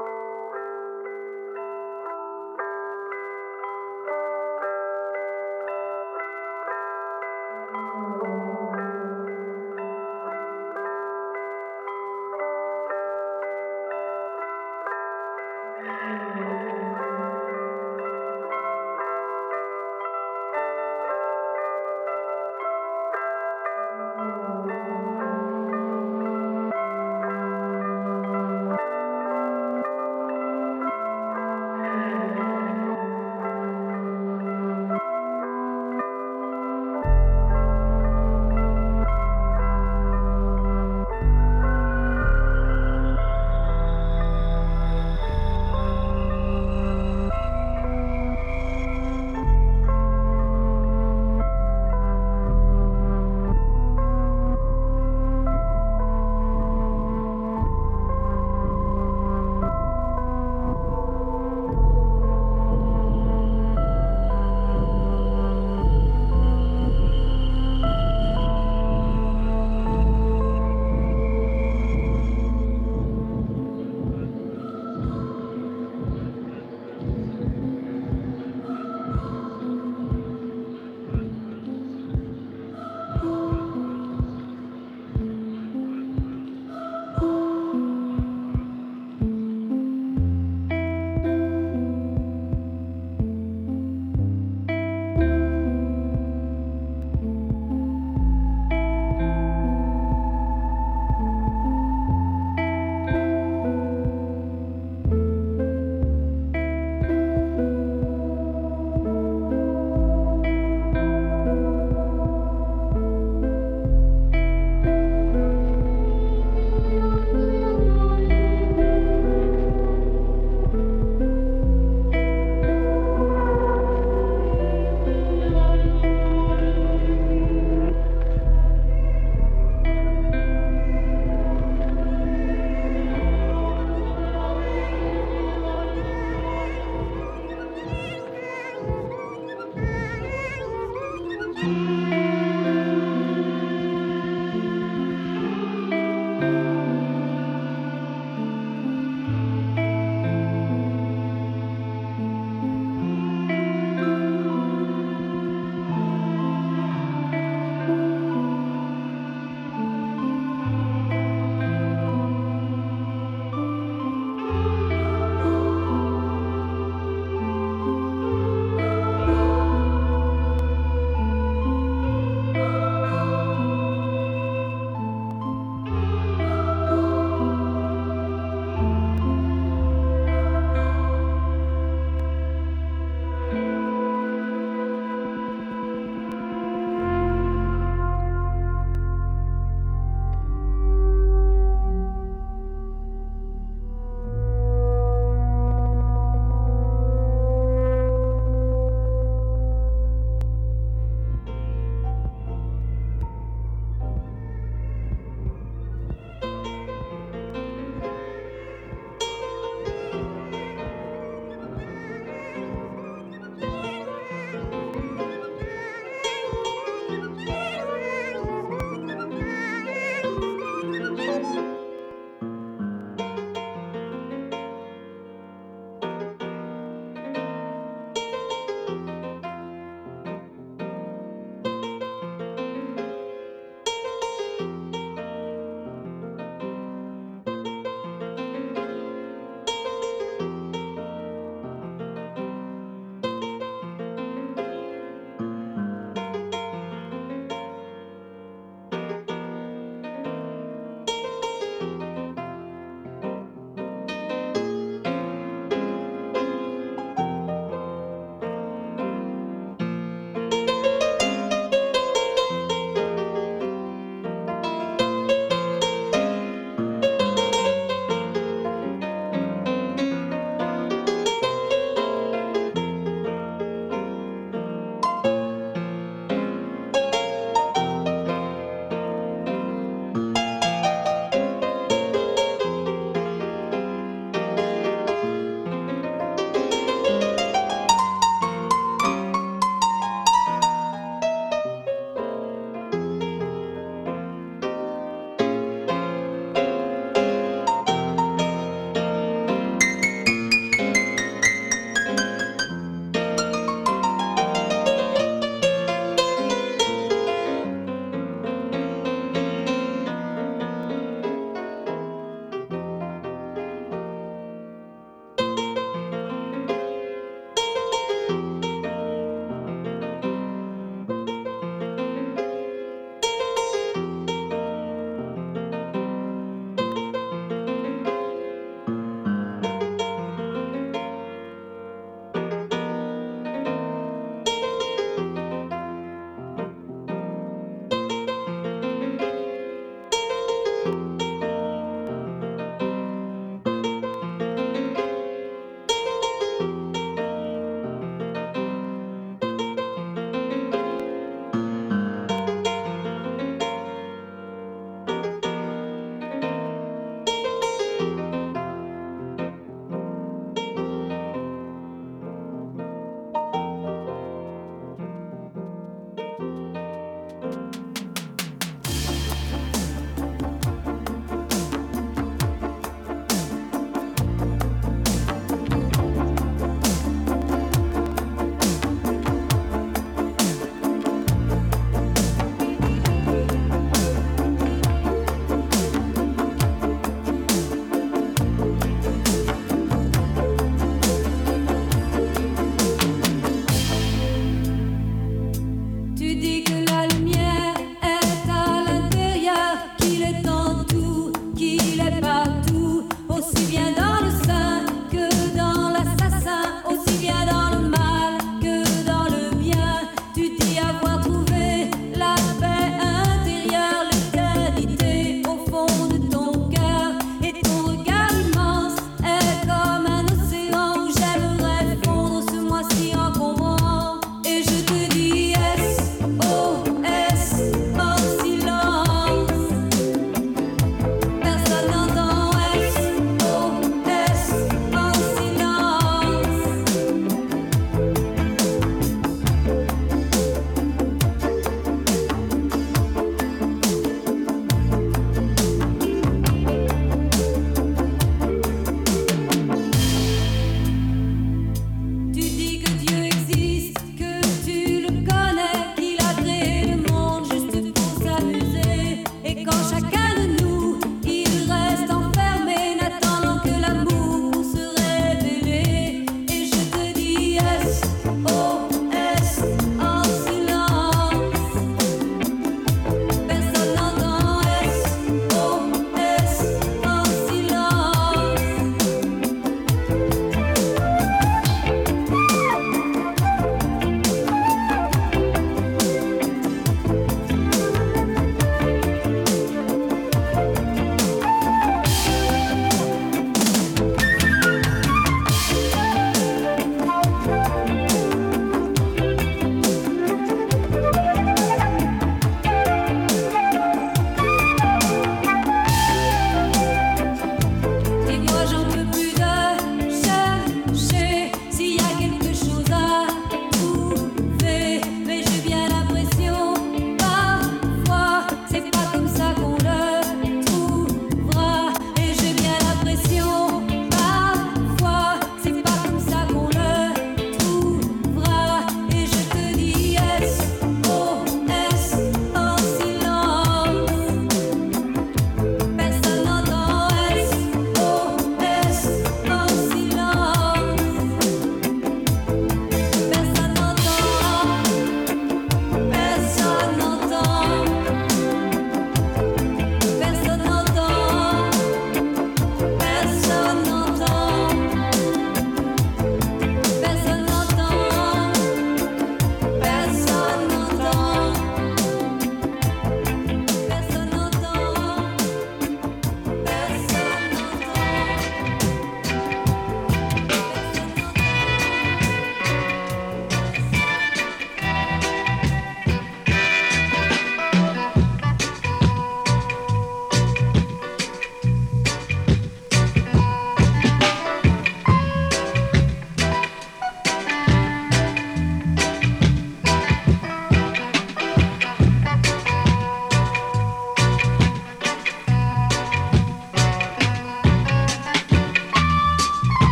thank you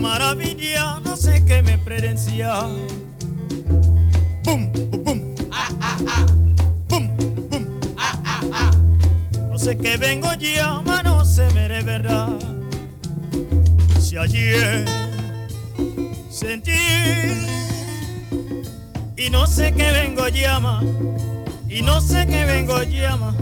maravilla, no sé qué me presencia. Bum, bum, Ah, ah, ah. Bum, bum. Ah, ah, ah. No sé qué vengo ya, no se me de verdad. Si ayer sentí y no sé qué vengo llama y no sé qué vengo llama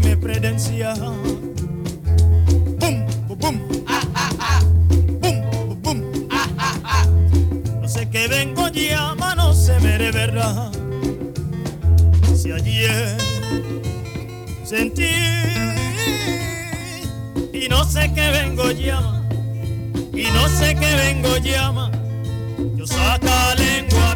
me predencia. boom, boom, ah, ah, ah. boom, ah, ah, ah. No sé qué vengo ya, no se me verdad Si ayer sentí y no sé qué vengo llama y no sé qué vengo llama yo saca lengua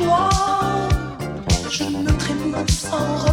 Je je me trémousse en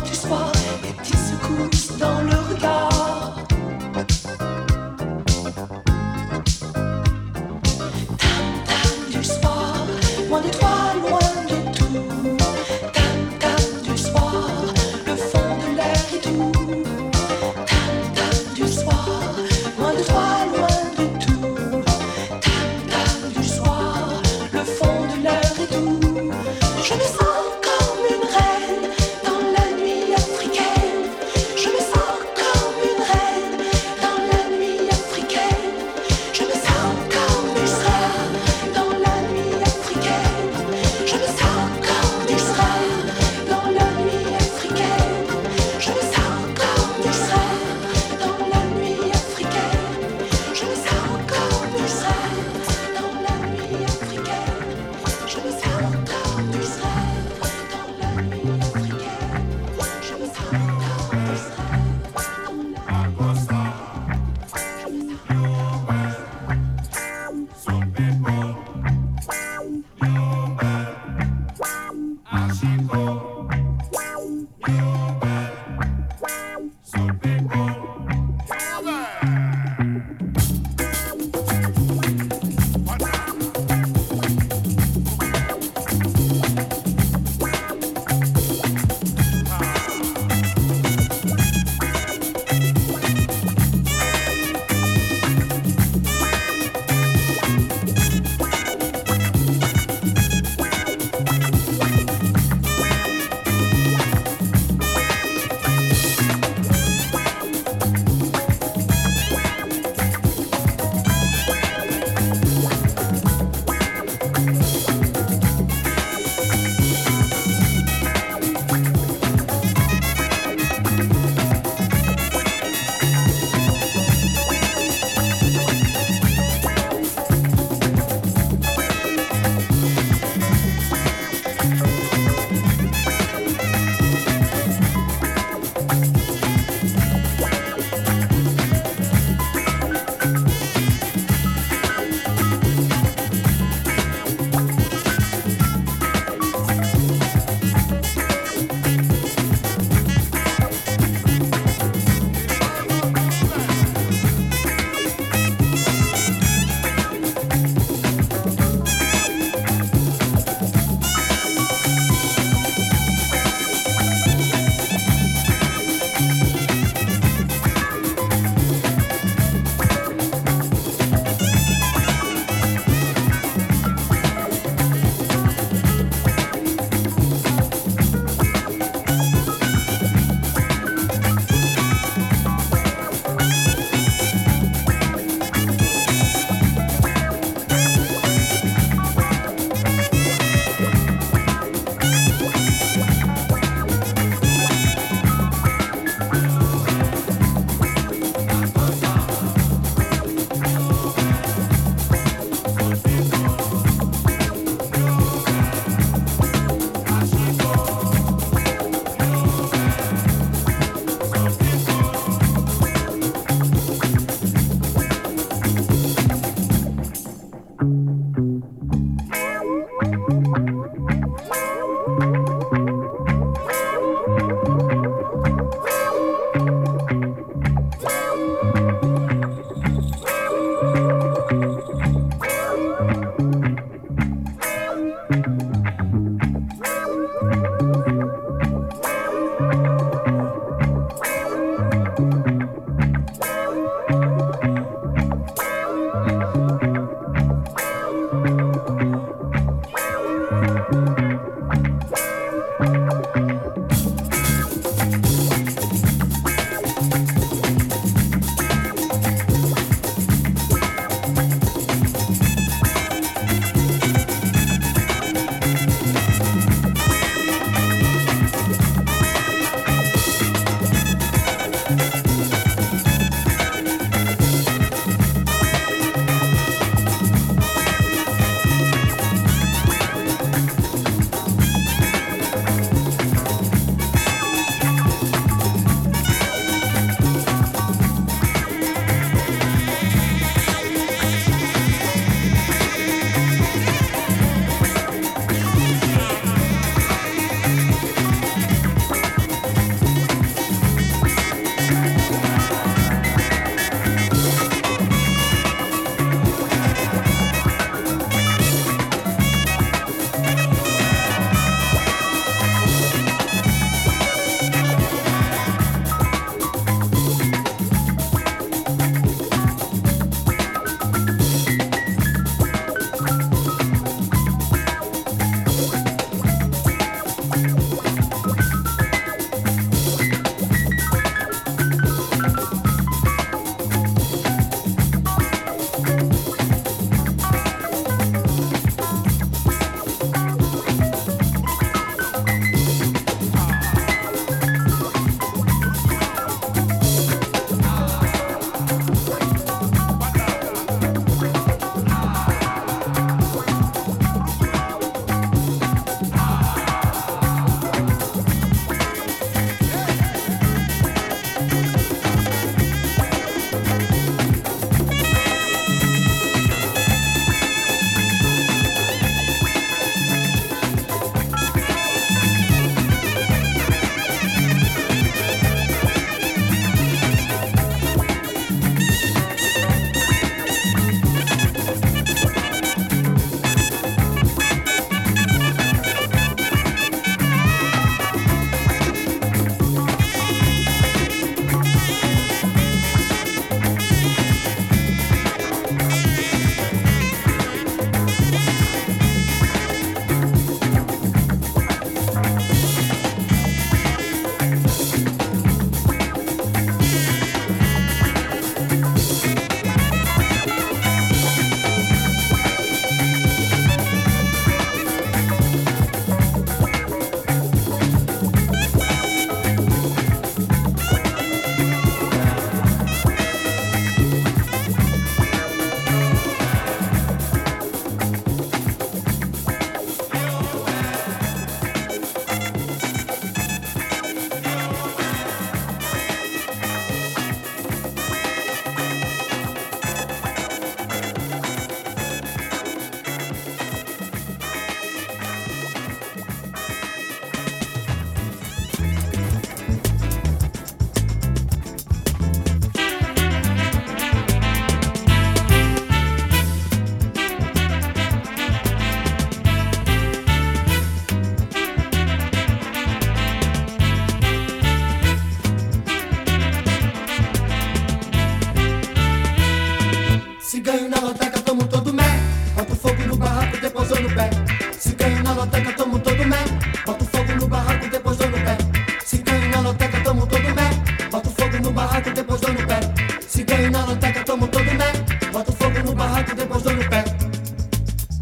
barraco, depois dou no pé. Se ganho na loteca, tomo todo mé. Boto fogo no barraco, depois dou no pé.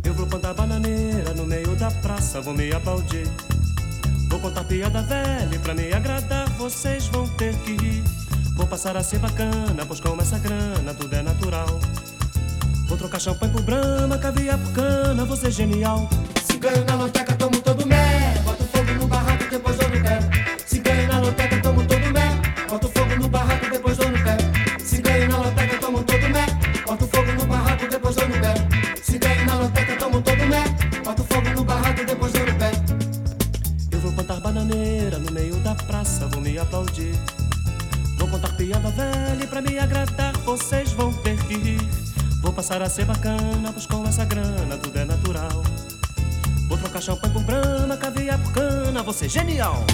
Eu vou plantar bananeira no meio da praça, vou me aplaudir. Vou contar piada velha, e pra me agradar, vocês vão ter que rir. Vou passar a ser bacana, pois com essa grana tudo é natural. Vou trocar champanhe por brama, caviar por cana, você é genial. Se ganho na loteca, Genial.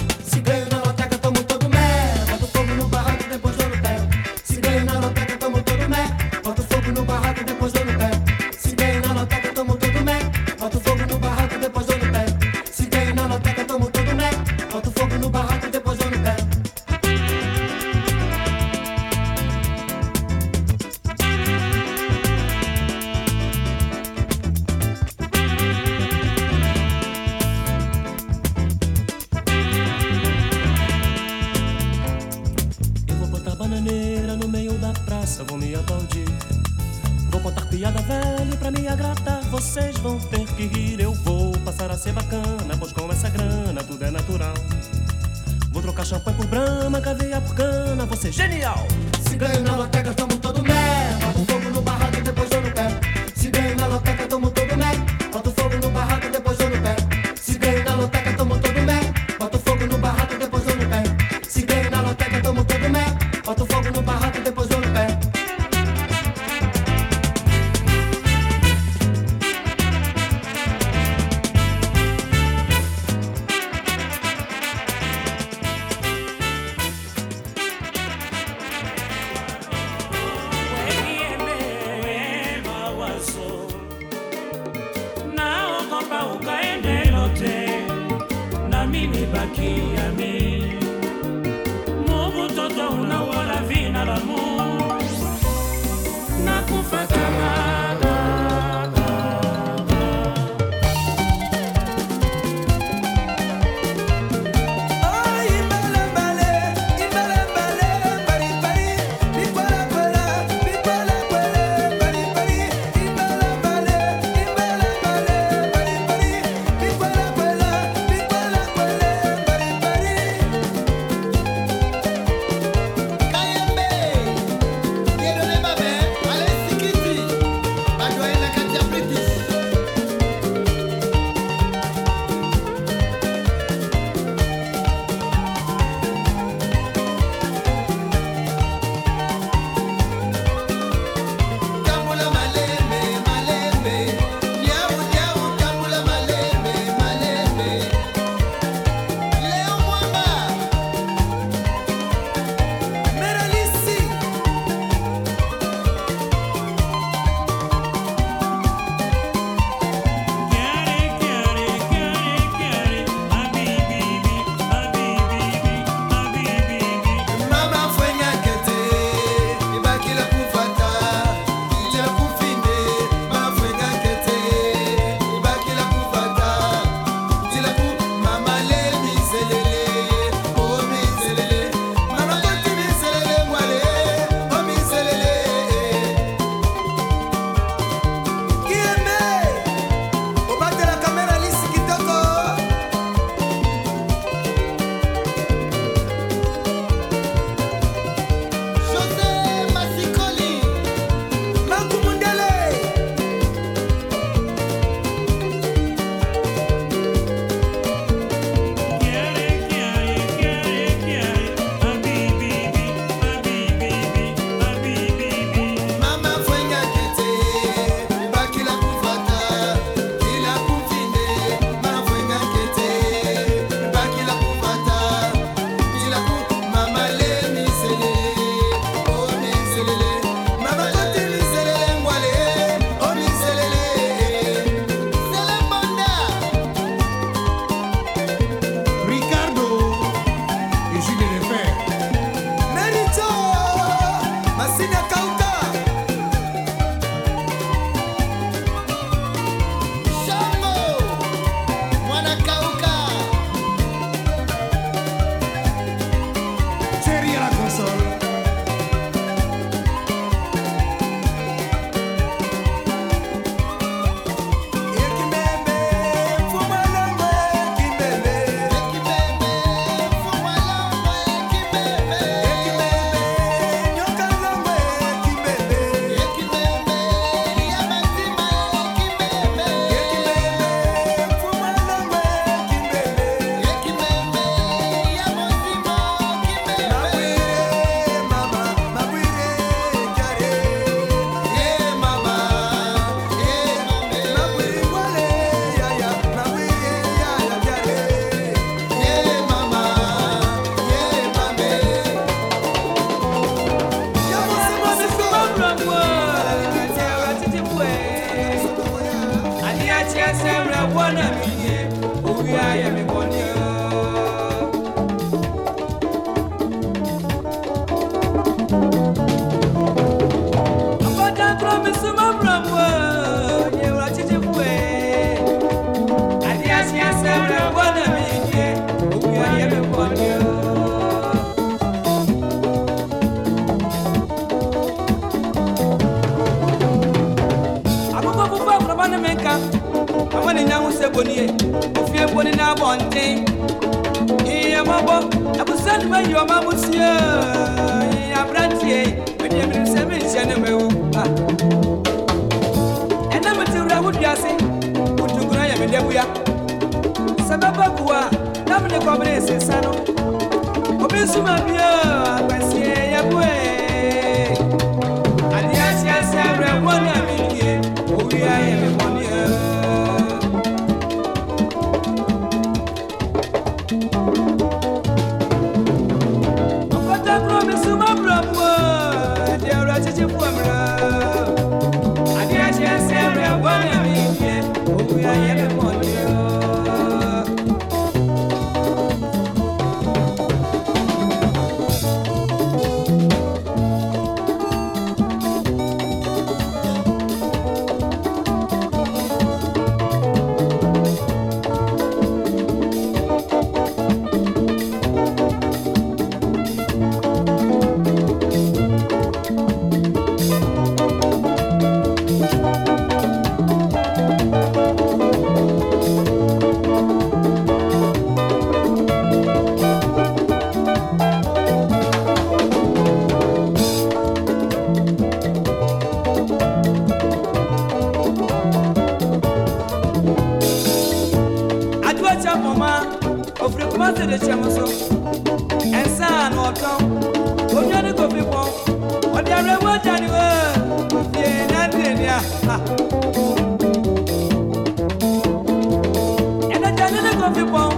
ofiri kuma se de kyɛ mu so ɛnsa ano ɔtɔn onua ne kofi pɔn ɔde awura ewu ɔgya ni wo kofie nante ni a ha. ɛnɛgya ne ne kofi pɔn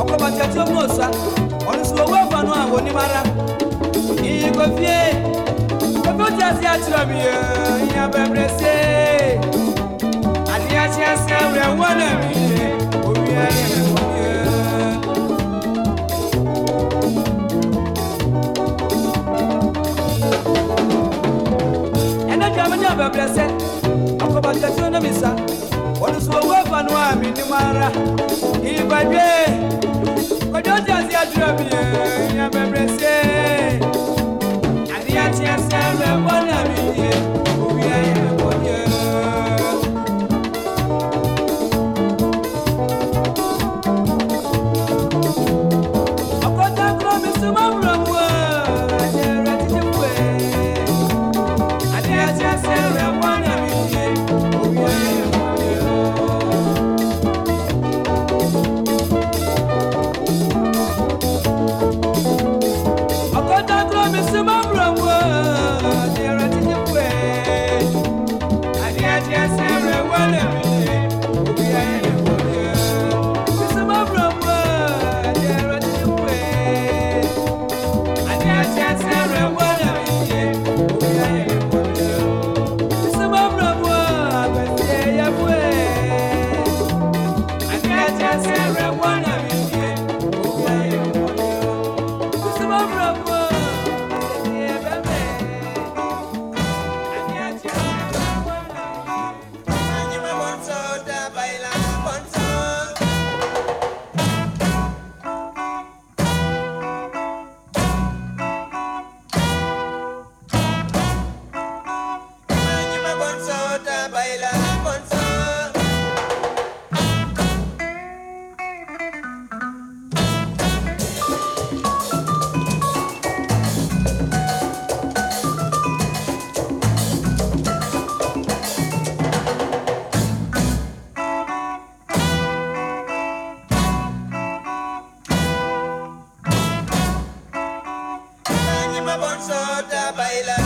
ɔkɔbɔtɔ ti omu osa ɔno so owu afa no a wɔnim ara iyi kofie kofi o ti ase akyerɛ mi yɛ iya bɛbrɛ se adeɛ akyerɛ se awura ewu ɔna mi yɛ owi ayɛ mi wɔ. abɛbrɛsɛ akɔbatɛtuo ne misa wɔde so wɔwu afa no a menim ara ibadwe kɔdwe ɔte ase adwerɛ mie abɛbrɛsɛ adeɛ ateɛ sɛ mɛbɔ na medie sponsor the baila.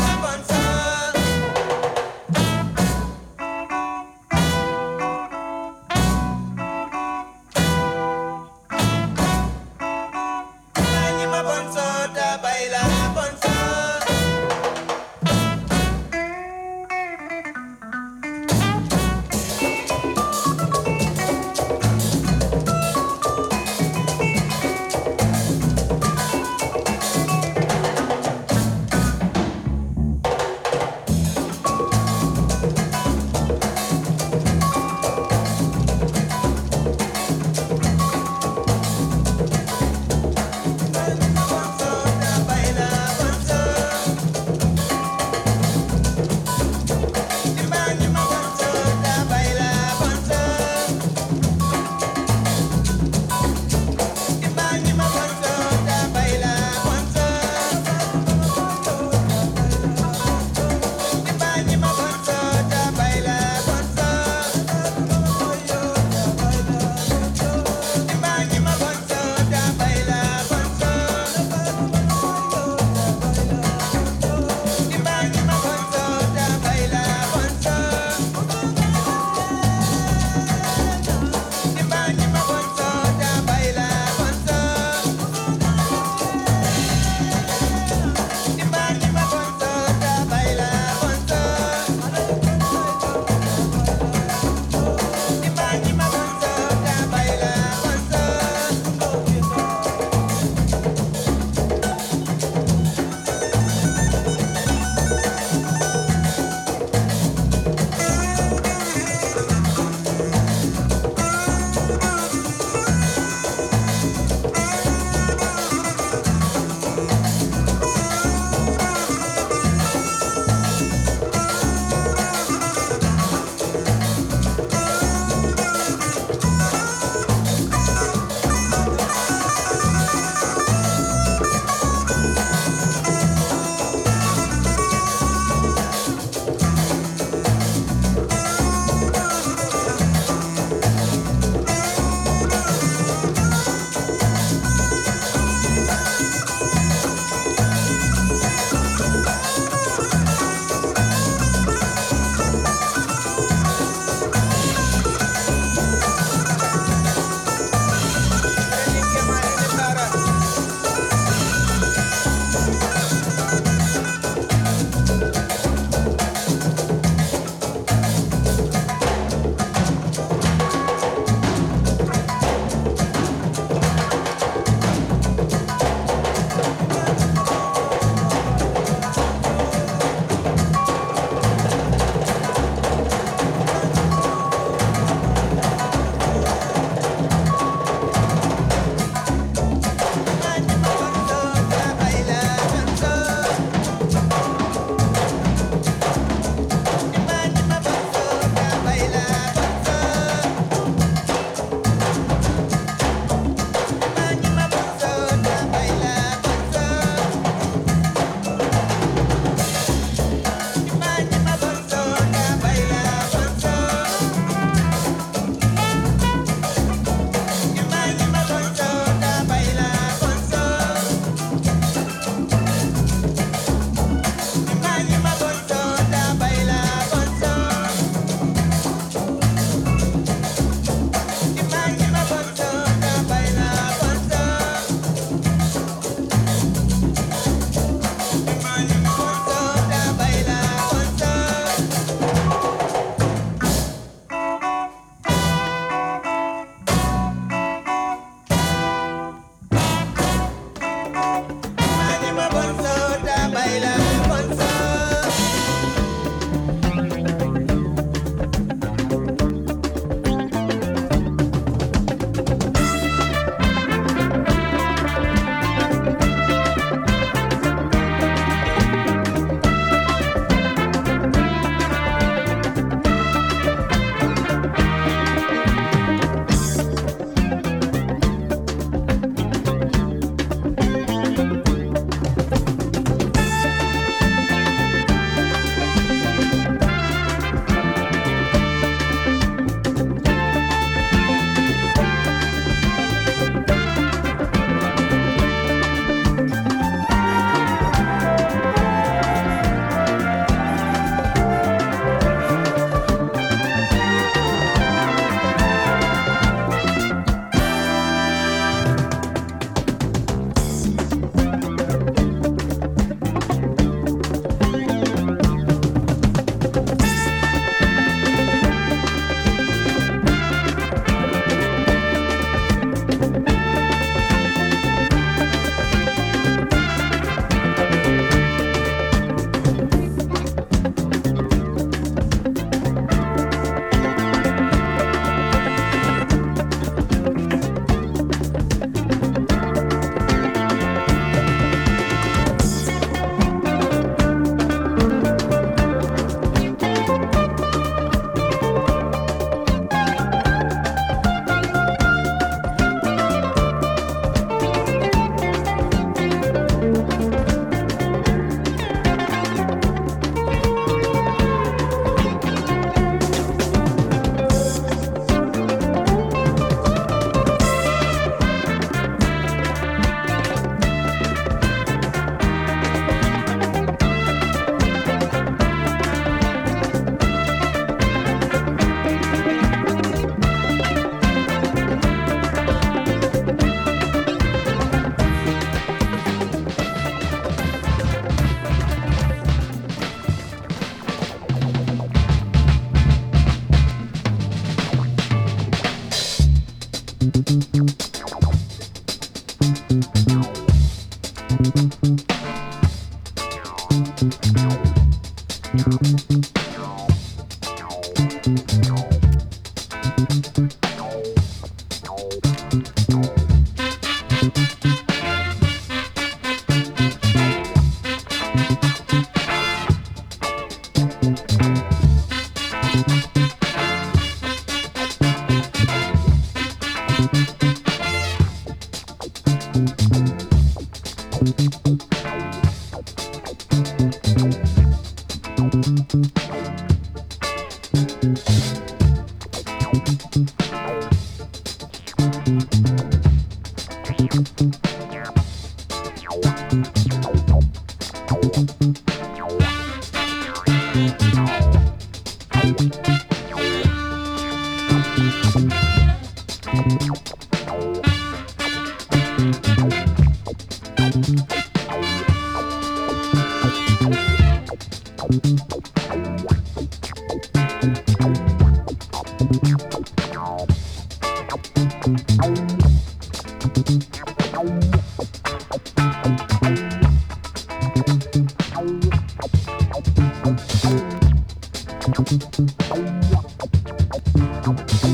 Thank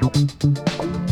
you.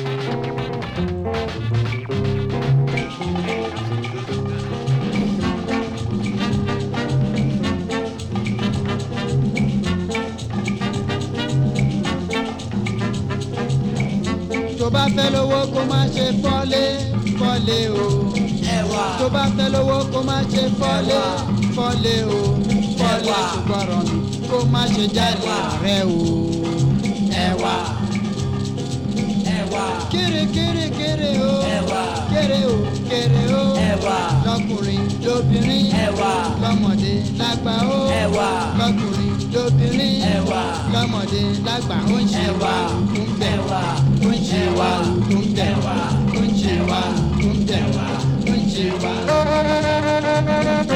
tó bá fẹ́ lówó kó má ṣe fọ́lé fọ́lé o. ẹ̀wà tó bá fẹ́ lówó kó má ṣe fọ́lé fọ́lé o. fọ́lé ṣùgbọ́n rọ̀ mí kó má ṣe jáde rẹ̀ o. kéré kéré kéré o kéré o kéré o lọkùnrin lóbìnrin lọmọdé lágbà o lọkùnrin lóbìnrin lọmọdé lágbà ó ń ṣe wa ó ń bẹ̀ wá ó ń ṣe wa ó ń bẹ̀ wá ó ń ṣe wa ó ń bẹ̀ wá ó ń ṣe wa.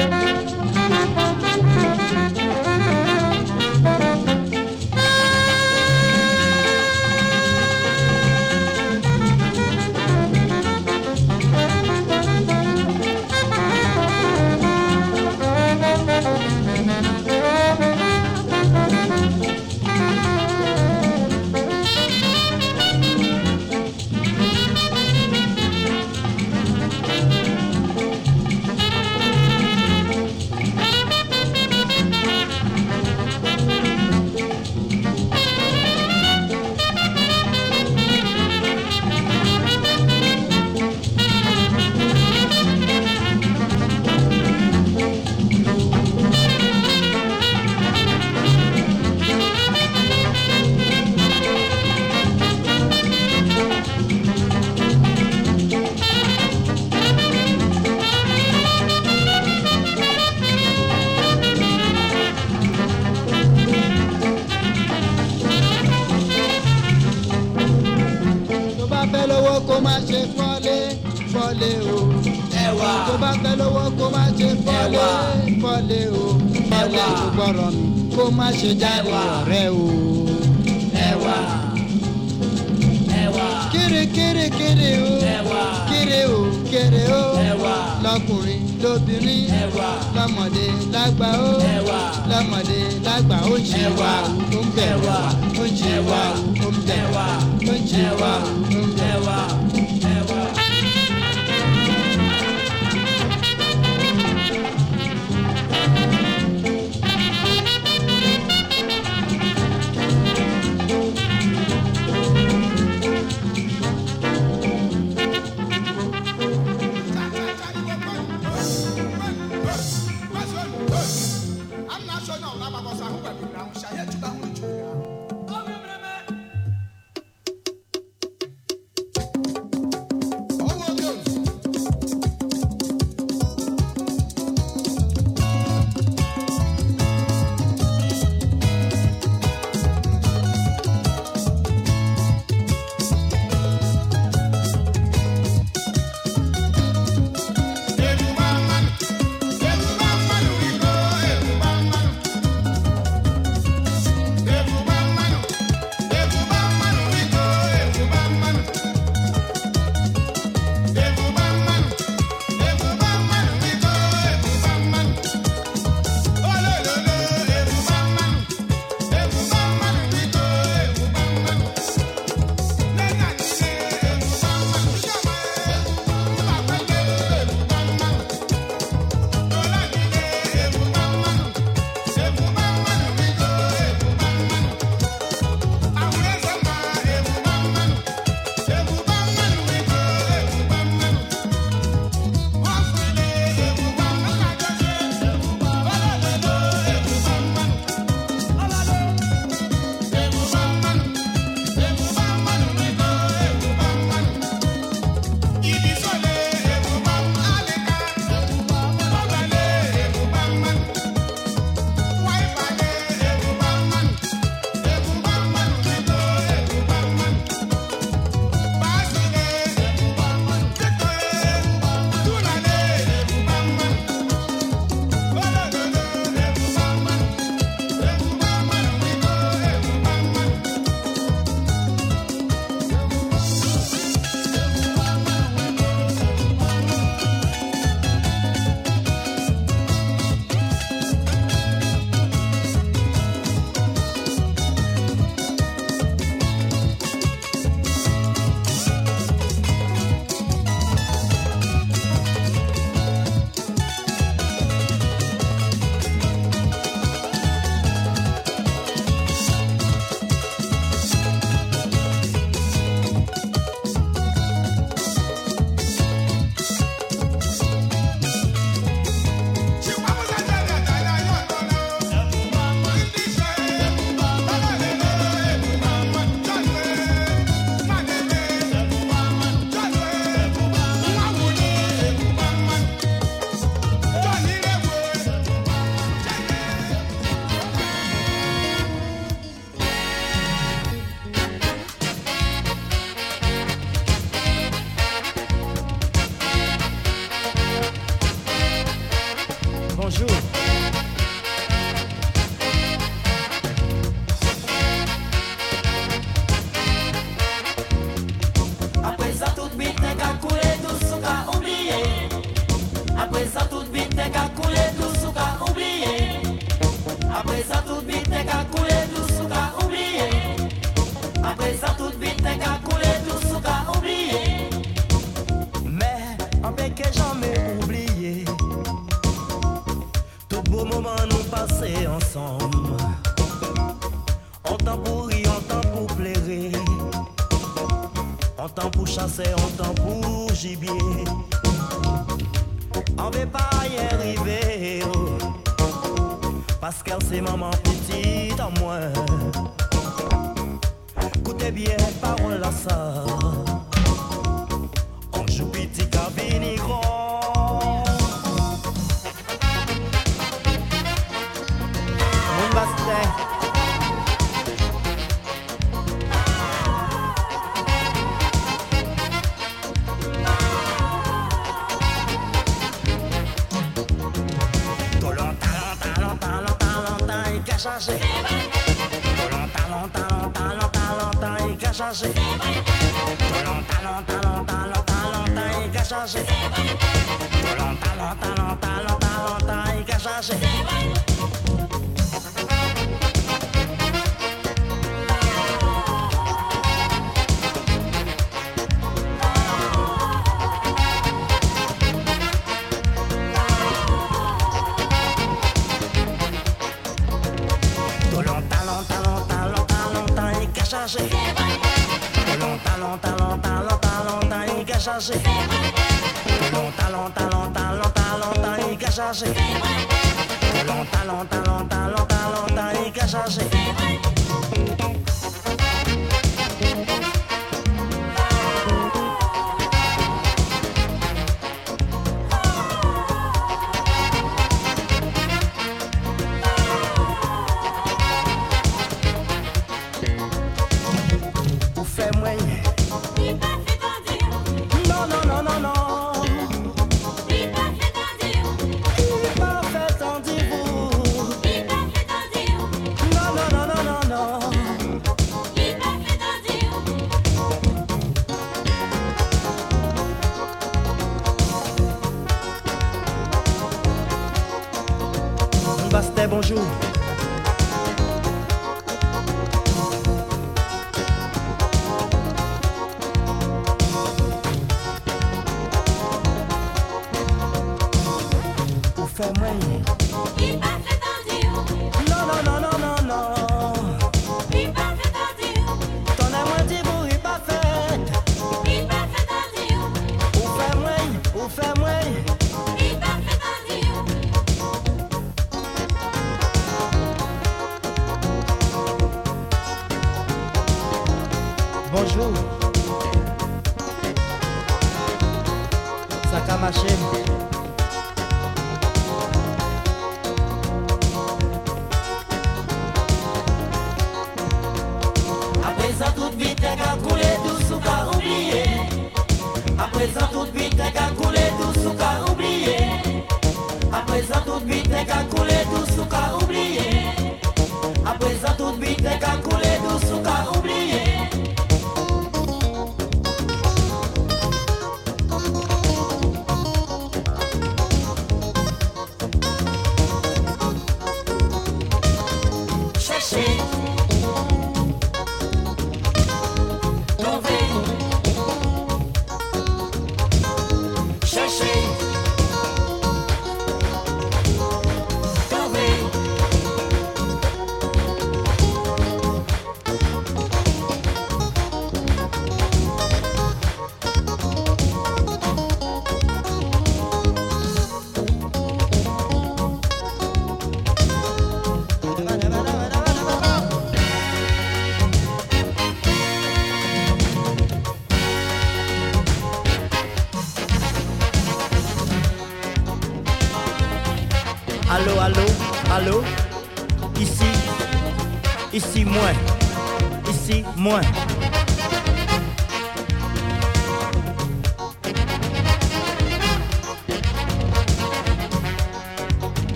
Tout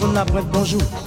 le monde la bonjour.